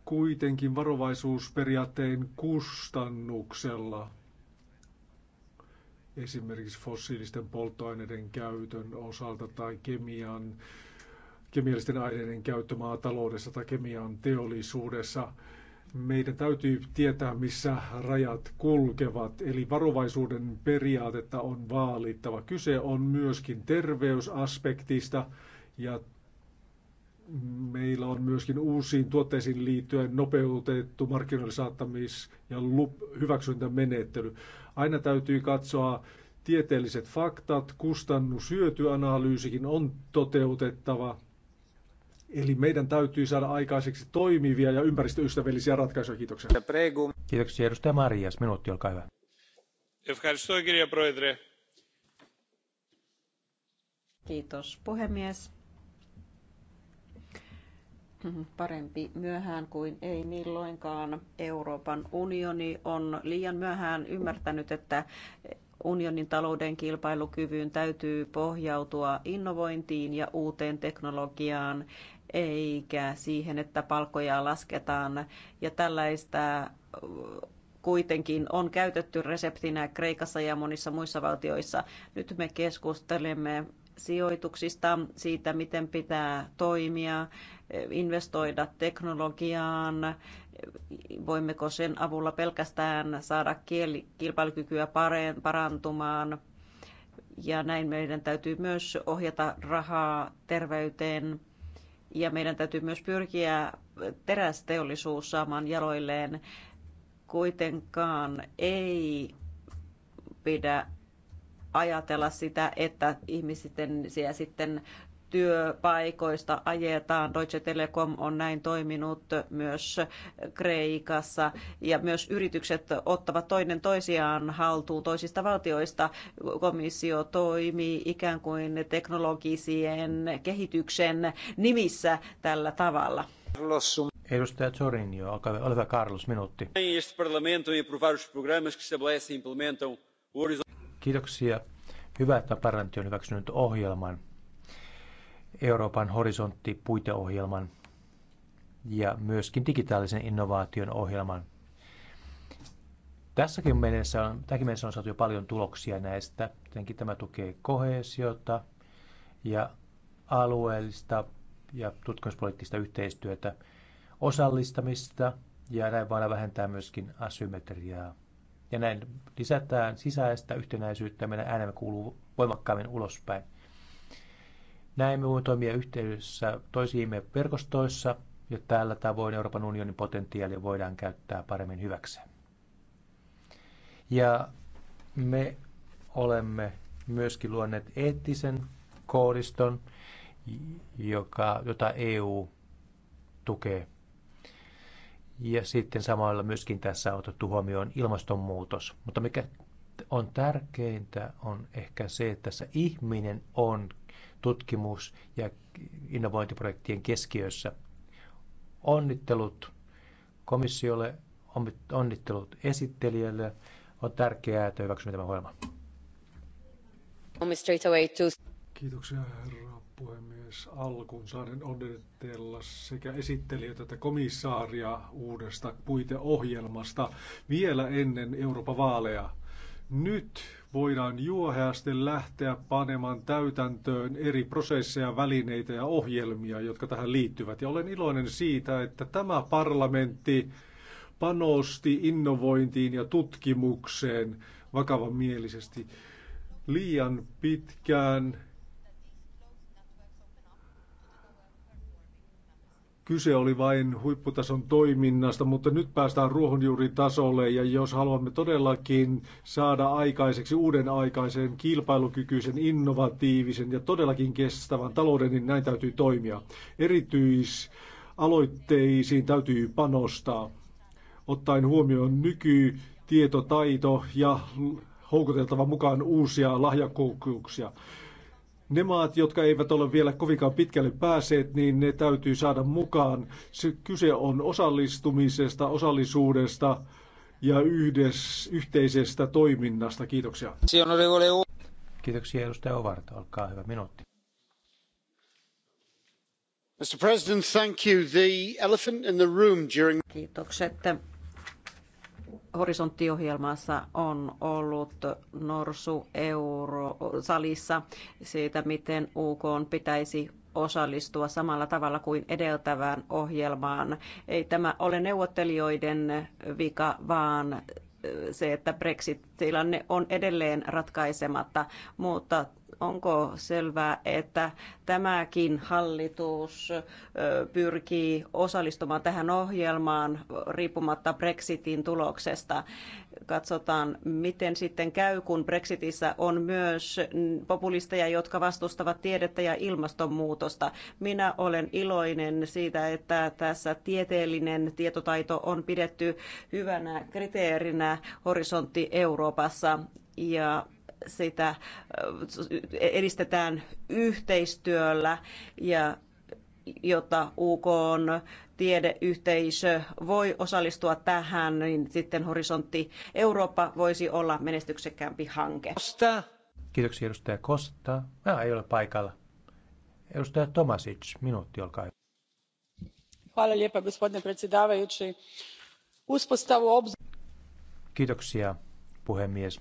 kuitenkin varovaisuusperiaatteen kustannuksella. Esimerkiksi fossiilisten polttoaineiden käytön osalta tai kemian, kemiallisten aineiden käyttö maataloudessa tai kemian teollisuudessa – meidän täytyy tietää, missä rajat kulkevat. Eli varovaisuuden periaatetta on vaalittava. Kyse on myöskin terveysaspektista ja meillä on myöskin uusiin tuotteisiin liittyen nopeutettu markkinoille saattamis- ja lup- hyväksyntämenettely. Aina täytyy katsoa tieteelliset faktat, kustannushyötyanalyysikin on toteutettava Eli meidän täytyy saada aikaiseksi toimivia ja ympäristöystävällisiä ratkaisuja. Kiitoksia. Kiitoksia. Edustaja Marias, minuutti, olkaa hyvä. Kiitos puhemies. Parempi myöhään kuin ei milloinkaan. Euroopan unioni on liian myöhään ymmärtänyt, että unionin talouden kilpailukyvyn täytyy pohjautua innovointiin ja uuteen teknologiaan eikä siihen, että palkkoja lasketaan. Ja tällaista kuitenkin on käytetty reseptinä Kreikassa ja monissa muissa valtioissa. Nyt me keskustelemme sijoituksista, siitä miten pitää toimia, investoida teknologiaan, voimmeko sen avulla pelkästään saada kilpailukykyä parantumaan. Ja näin meidän täytyy myös ohjata rahaa terveyteen ja meidän täytyy myös pyrkiä terästeollisuus saamaan jaloilleen. Kuitenkaan ei pidä ajatella sitä, että ihmisten siellä sitten työpaikoista ajetaan. Deutsche Telekom on näin toiminut myös Kreikassa ja myös yritykset ottavat toinen toisiaan haltuun toisista valtioista. Komissio toimii ikään kuin teknologisien kehityksen nimissä tällä tavalla. Edustaja Zorinio, olkaa hyvä Carlos, minuutti. E e Kiitoksia. Hyvä, että parlamentti on hyväksynyt ohjelman, Euroopan horisontti puiteohjelman ja myöskin digitaalisen innovaation ohjelman. Tässäkin mennessä on, tämäkin mennessä on saatu jo paljon tuloksia näistä. Tietenkin tämä tukee kohesiota ja alueellista ja tutkimuspoliittista yhteistyötä, osallistamista ja näin vaan vähentää myöskin asymmetriaa. Ja näin lisätään sisäistä yhtenäisyyttä, meidän äänemme kuuluu voimakkaammin ulospäin – näin me voimme toimia yhteydessä toisiimme verkostoissa ja tällä tavoin Euroopan unionin potentiaali voidaan käyttää paremmin hyväksi. Ja me olemme myöskin luonneet eettisen koodiston, joka, jota EU tukee. Ja sitten samalla myöskin tässä on otettu huomioon ilmastonmuutos. Mutta mikä on tärkeintä on ehkä se, että tässä ihminen on tutkimus- ja innovointiprojektien keskiössä. Onnittelut komissiolle, onnittelut esittelijälle. On tärkeää, että hyväksymme tämän ohjelman. Kiitoksia herra puhemies. Alkuun saaden onnitella sekä esittelijöitä että komissaaria uudesta puiteohjelmasta vielä ennen Euroopan vaaleja. Nyt voidaan juoheasti lähteä panemaan täytäntöön eri prosesseja, välineitä ja ohjelmia, jotka tähän liittyvät. Ja olen iloinen siitä, että tämä parlamentti panosti innovointiin ja tutkimukseen vakavamielisesti. Liian pitkään Kyse oli vain huipputason toiminnasta, mutta nyt päästään ruohonjuuritasolle ja jos haluamme todellakin saada aikaiseksi uuden aikaisen, kilpailukykyisen, innovatiivisen ja todellakin kestävän talouden, niin näin täytyy toimia. Erityisaloitteisiin täytyy panostaa, ottaen huomioon nyky, tietotaito ja houkuteltava mukaan uusia lahjakkuuksia. Ne maat, jotka eivät ole vielä kovinkaan pitkälle pääseet, niin ne täytyy saada mukaan. Se kyse on osallistumisesta, osallisuudesta ja yhdes, yhteisestä toiminnasta. Kiitoksia. Kiitoksia edustaja Ovarta. Olkaa hyvä minuutti. Mr. President, thank you. The elephant in the room during... Kiitokset horisonttiohjelmassa on ollut Norsu Euro-salissa siitä, miten UK pitäisi osallistua samalla tavalla kuin edeltävään ohjelmaan. Ei tämä ole neuvottelijoiden vika, vaan se, että Brexit-tilanne on edelleen ratkaisematta, mutta onko selvää, että tämäkin hallitus pyrkii osallistumaan tähän ohjelmaan riippumatta Brexitin tuloksesta? Katsotaan, miten sitten käy, kun Brexitissä on myös populisteja, jotka vastustavat tiedettä ja ilmastonmuutosta. Minä olen iloinen siitä, että tässä tieteellinen tietotaito on pidetty hyvänä kriteerinä horisontti Euroopassa ja sitä edistetään yhteistyöllä ja jotta UK on tiedeyhteisö voi osallistua tähän, niin sitten Horisontti Eurooppa voisi olla menestyksekkäämpi hanke. Kosta. Kiitoksia edustaja Kosta. Ah, ei ole paikalla. Edustaja Tomasic, minuutti, olkaa hyvä. Hvala lijepa, gospodine predsjedavajući. Uspostavu obz... Kiitoksia, puhemies.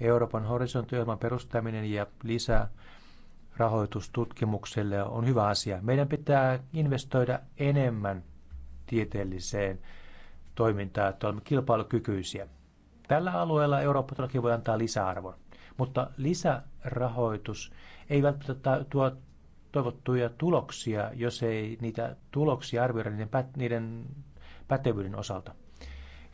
Euroopan horisonttiohjelman perustaminen ja lisää rahoitus tutkimukselle on hyvä asia. Meidän pitää investoida enemmän tieteelliseen toimintaan, että olemme kilpailukykyisiä. Tällä alueella Eurooppa todellakin voi antaa lisäarvon, mutta lisärahoitus ei välttämättä tuo toivottuja tuloksia, jos ei niitä tuloksia arvioida niiden, pät- niiden pätevyyden osalta.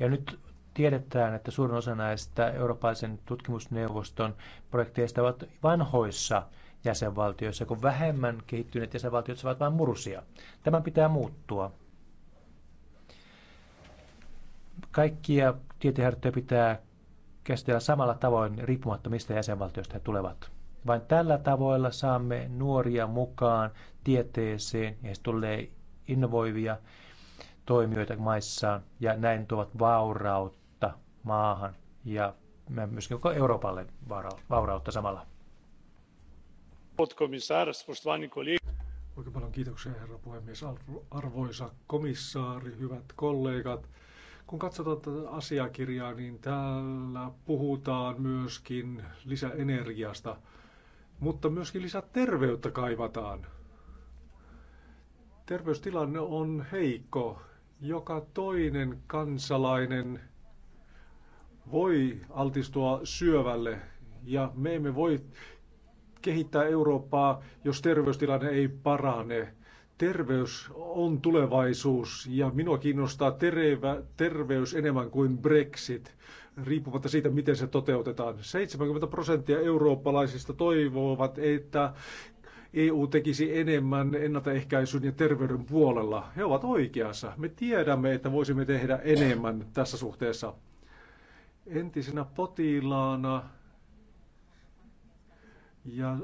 Ja nyt tiedetään, että suurin osa näistä eurooppalaisen tutkimusneuvoston projekteista ovat vanhoissa jäsenvaltioissa, kun vähemmän kehittyneet jäsenvaltiot saavat vain murusia. Tämä pitää muuttua. Kaikkia tieteenharjoittajia pitää käsitellä samalla tavoin riippumatta mistä jäsenvaltioista he tulevat. Vain tällä tavoilla saamme nuoria mukaan tieteeseen ja heistä tulee innovoivia toimijoita maissaan ja näin tuovat vaurautta maahan ja myöskin koko Euroopalle vaurautta samalla. Oikein paljon kiitoksia herra puhemies. Arvoisa komissaari, hyvät kollegat. Kun katsotaan tätä asiakirjaa, niin täällä puhutaan myöskin lisäenergiasta, mutta myöskin lisäterveyttä kaivataan. Terveystilanne on heikko. Joka toinen kansalainen voi altistua syövälle ja me emme voi kehittää Eurooppaa, jos terveystilanne ei parane. Terveys on tulevaisuus ja minua kiinnostaa terevä, terveys enemmän kuin Brexit, riippumatta siitä, miten se toteutetaan. 70 prosenttia eurooppalaisista toivovat, että EU tekisi enemmän ennaltaehkäisyn ja terveyden puolella. He ovat oikeassa. Me tiedämme, että voisimme tehdä enemmän tässä suhteessa. Entisenä potilaana ja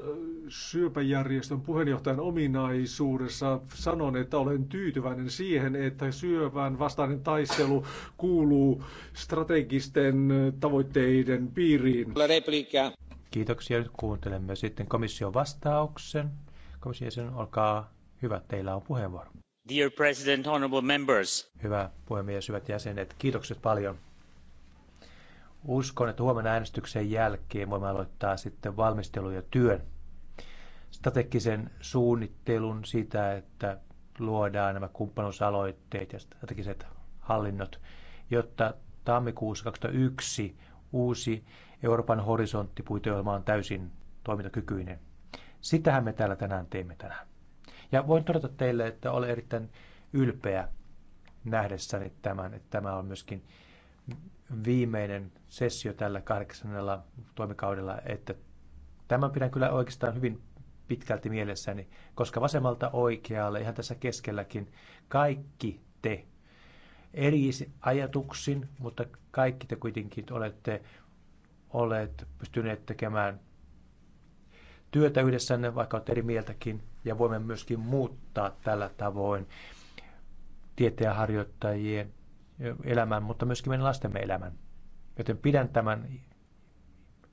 syöpäjärjestön puheenjohtajan ominaisuudessa sanon, että olen tyytyväinen siihen, että syövän vastainen taistelu kuuluu strategisten tavoitteiden piiriin. Replika. Kiitoksia. Nyt kuuntelemme sitten komission vastauksen. Komission jäsen, olkaa hyvä, teillä on puheenvuoro. Dear President, honorable members. Hyvä puhemies, hyvät jäsenet, kiitokset paljon Uskon, että huomenna äänestyksen jälkeen voimme aloittaa sitten valmistelu ja työn, strategisen suunnittelun sitä, että luodaan nämä kumppanuusaloitteet ja strategiset hallinnot, jotta tammikuussa 2001 uusi Euroopan horisonttipuiteohjelma on täysin toimintakykyinen. Sitähän me täällä tänään teemme tänään. Ja voin todeta teille, että olen erittäin ylpeä nähdessäni tämän, että tämä on myöskin viimeinen sessio tällä kahdeksannella toimikaudella, että tämän pidän kyllä oikeastaan hyvin pitkälti mielessäni, koska vasemmalta oikealle, ihan tässä keskelläkin, kaikki te eri ajatuksin, mutta kaikki te kuitenkin olette, olet pystyneet tekemään työtä yhdessänne, vaikka olette eri mieltäkin, ja voimme myöskin muuttaa tällä tavoin tieteenharjoittajien elämän, mutta myöskin meidän lastemme elämän. Joten pidän tämän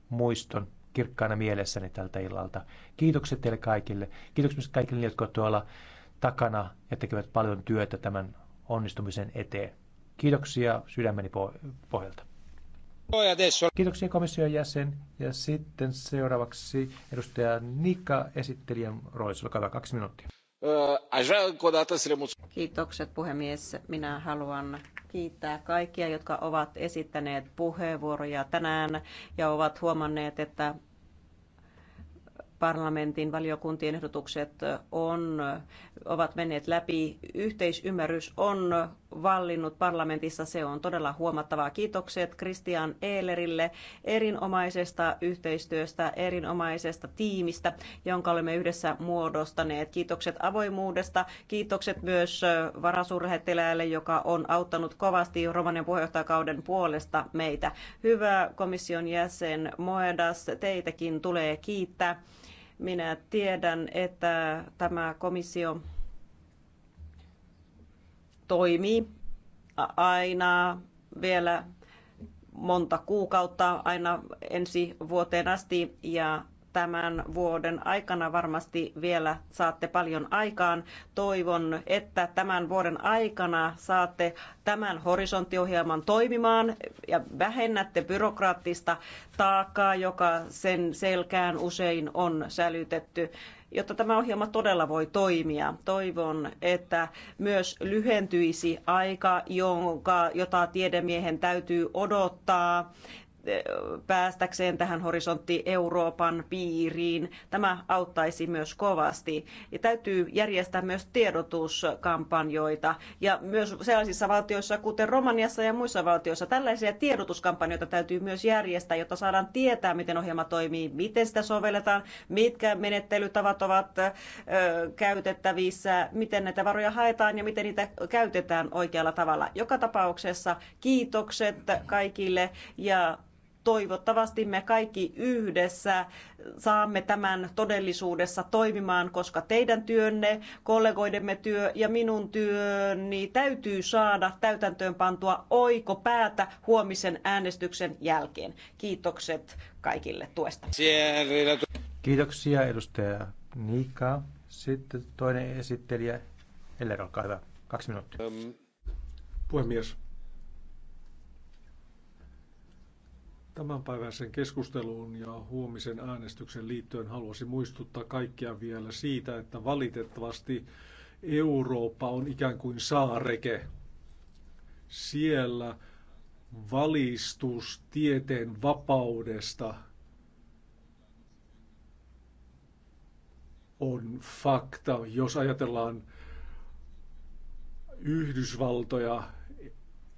muiston kirkkaana mielessäni tältä illalta. Kiitokset teille kaikille. Kiitokset myös kaikille, jotka ovat tuolla takana ja tekevät paljon työtä tämän onnistumisen eteen. Kiitoksia sydämeni pohjalta. Kiitoksia komission jäsen. Ja sitten seuraavaksi edustaja Nika, esittelijän roolissa. Olkaa hyvä, kaksi minuuttia. Kiitokset puhemies. Minä haluan kiittää kaikkia, jotka ovat esittäneet puheenvuoroja tänään ja ovat huomanneet, että parlamentin valiokuntien ehdotukset on, ovat menneet läpi. Yhteisymmärrys on vallinnut parlamentissa. Se on todella huomattavaa. Kiitokset Christian Eelerille erinomaisesta yhteistyöstä, erinomaisesta tiimistä, jonka olemme yhdessä muodostaneet. Kiitokset avoimuudesta. Kiitokset myös varasuurlähettiläälle, joka on auttanut kovasti Romanian puheenjohtajakauden puolesta meitä. Hyvä komission jäsen Moedas, teitäkin tulee kiittää. Minä tiedän, että tämä komissio toimii aina vielä monta kuukautta aina ensi vuoteen asti ja tämän vuoden aikana varmasti vielä saatte paljon aikaan. Toivon, että tämän vuoden aikana saatte tämän horisonttiohjelman toimimaan ja vähennätte byrokraattista taakkaa, joka sen selkään usein on sälytetty jotta tämä ohjelma todella voi toimia. Toivon, että myös lyhentyisi aika, jonka, jota tiedemiehen täytyy odottaa päästäkseen tähän horisontti Euroopan piiriin. Tämä auttaisi myös kovasti. Ja täytyy järjestää myös tiedotuskampanjoita ja myös sellaisissa valtioissa, kuten Romaniassa ja muissa valtioissa, tällaisia tiedotuskampanjoita täytyy myös järjestää, jotta saadaan tietää, miten ohjelma toimii, miten sitä sovelletaan, mitkä menettelytavat ovat käytettävissä, miten näitä varoja haetaan ja miten niitä käytetään oikealla tavalla. Joka tapauksessa kiitokset kaikille ja toivottavasti me kaikki yhdessä saamme tämän todellisuudessa toimimaan, koska teidän työnne, kollegoidemme työ ja minun työni täytyy saada täytäntöön pantua oiko päätä huomisen äänestyksen jälkeen. Kiitokset kaikille tuesta. Kiitoksia edustaja Niika. Sitten toinen esittelijä, Eller, olkaa hyvä. Kaksi minuuttia. Puhemies, tämänpäiväisen keskusteluun ja huomisen äänestyksen liittyen haluaisin muistuttaa kaikkia vielä siitä, että valitettavasti Eurooppa on ikään kuin saareke. Siellä valistus tieteen vapaudesta on fakta. Jos ajatellaan Yhdysvaltoja,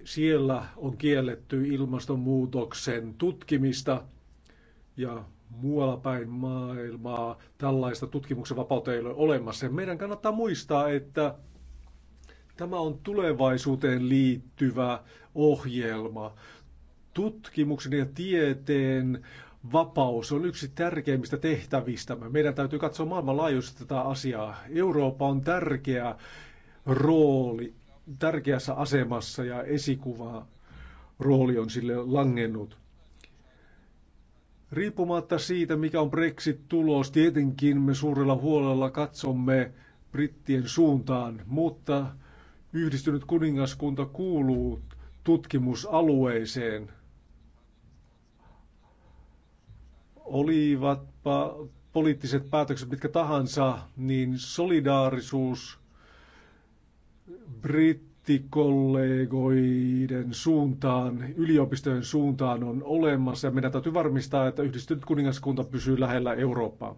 siellä on kielletty ilmastonmuutoksen tutkimista ja muualla päin maailmaa tällaista tutkimuksen vapautta ei ole olemassa. Meidän kannattaa muistaa, että tämä on tulevaisuuteen liittyvä ohjelma. Tutkimuksen ja tieteen vapaus on yksi tärkeimmistä tehtävistä. Meidän täytyy katsoa maailmanlaajuisesti tätä asiaa. Eurooppa on tärkeä rooli tärkeässä asemassa ja esikuva rooli on sille langennut. Riippumatta siitä, mikä on Brexit-tulos, tietenkin me suurella huolella katsomme brittien suuntaan, mutta yhdistynyt kuningaskunta kuuluu tutkimusalueeseen. Olivatpa poliittiset päätökset mitkä tahansa, niin solidaarisuus brittikollegoiden suuntaan, yliopistojen suuntaan on olemassa. Ja meidän täytyy varmistaa, että yhdistynyt kuningaskunta pysyy lähellä Eurooppaa.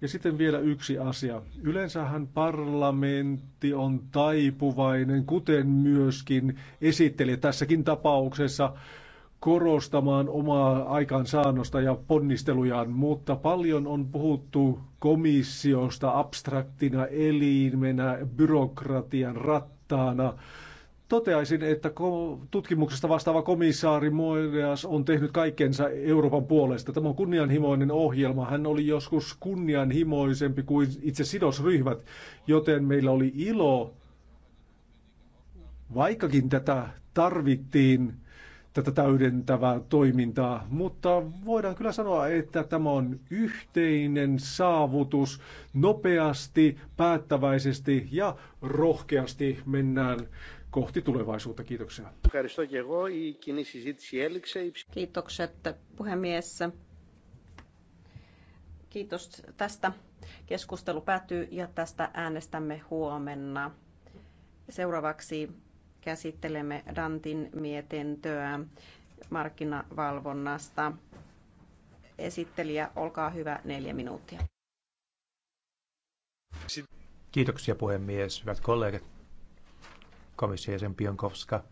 Ja sitten vielä yksi asia. Yleensähän parlamentti on taipuvainen, kuten myöskin esitteli tässäkin tapauksessa korostamaan omaa aikaansaannosta ja ponnistelujaan, mutta paljon on puhuttu komissiosta abstraktina elimenä, byrokratian rattaana. Toteaisin, että tutkimuksesta vastaava komissaari Moedas on tehnyt kaikkensa Euroopan puolesta. Tämä on kunnianhimoinen ohjelma. Hän oli joskus kunnianhimoisempi kuin itse sidosryhmät, joten meillä oli ilo, vaikkakin tätä tarvittiin, tätä täydentävää toimintaa, mutta voidaan kyllä sanoa, että tämä on yhteinen saavutus. Nopeasti, päättäväisesti ja rohkeasti mennään kohti tulevaisuutta. Kiitoksia. Kiitokset puhemies. Kiitos tästä. Keskustelu päättyy ja tästä äänestämme huomenna. Seuraavaksi käsittelemme Dantin mietintöä markkinavalvonnasta. Esittelijä, olkaa hyvä, neljä minuuttia. Kiitoksia puhemies, hyvät kollegat, komissio jäsen Pionkovska.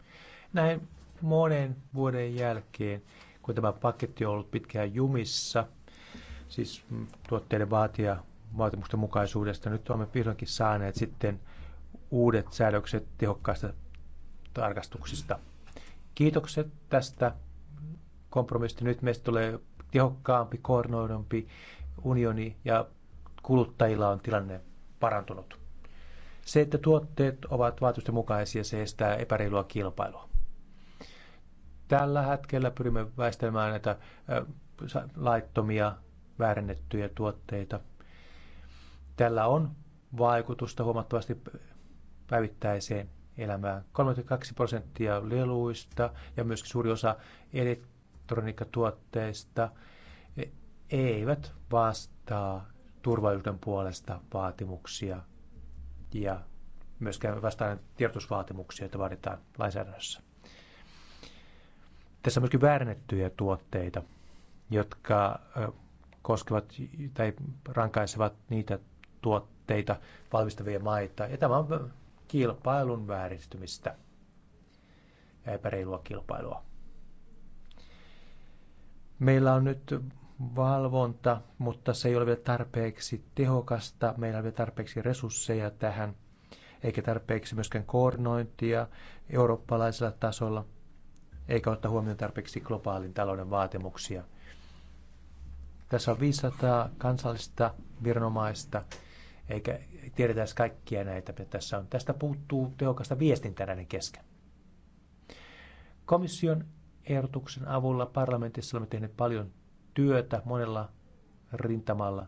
Näin monen vuoden jälkeen, kun tämä paketti on ollut pitkään jumissa, siis tuotteiden vaatia vaatimusten mukaisuudesta, nyt olemme vihdoinkin saaneet sitten uudet säädökset tehokkaasta tarkastuksista. Kiitokset tästä kompromissista. Nyt meistä tulee tehokkaampi, koordinoidumpi unioni ja kuluttajilla on tilanne parantunut. Se, että tuotteet ovat vaatimusten mukaisia, se estää epäreilua kilpailua. Tällä hetkellä pyrimme väistämään näitä laittomia, väärennettyjä tuotteita. Tällä on vaikutusta huomattavasti päivittäiseen elämää. 32 prosenttia leluista ja myöskin suuri osa elektroniikkatuotteista eivät vastaa turvallisuuden puolesta vaatimuksia ja myöskään vastaan tiedotusvaatimuksia, joita vaaditaan lainsäädännössä. Tässä on myöskin väärennettyjä tuotteita, jotka koskevat tai rankaisevat niitä tuotteita valmistavia maita. Ja tämä on kilpailun vääristymistä ja epäreilua kilpailua. Meillä on nyt valvonta, mutta se ei ole vielä tarpeeksi tehokasta. Meillä ei ole tarpeeksi resursseja tähän, eikä tarpeeksi myöskään koordinointia eurooppalaisella tasolla, eikä ottaa huomioon tarpeeksi globaalin talouden vaatimuksia. Tässä on 500 kansallista viranomaista, eikä tiedetä edes kaikkia näitä, mitä tässä on. Tästä puuttuu tehokasta viestintää näiden kesken. Komission ehdotuksen avulla parlamentissa olemme tehneet paljon työtä monella rintamalla.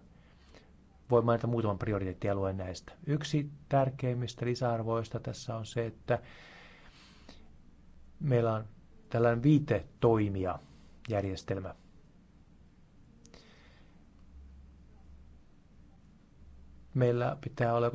Voin mainita muutaman prioriteettialueen näistä. Yksi tärkeimmistä lisäarvoista tässä on se, että meillä on tällainen viitetoimija järjestelmä – meillä pitää olla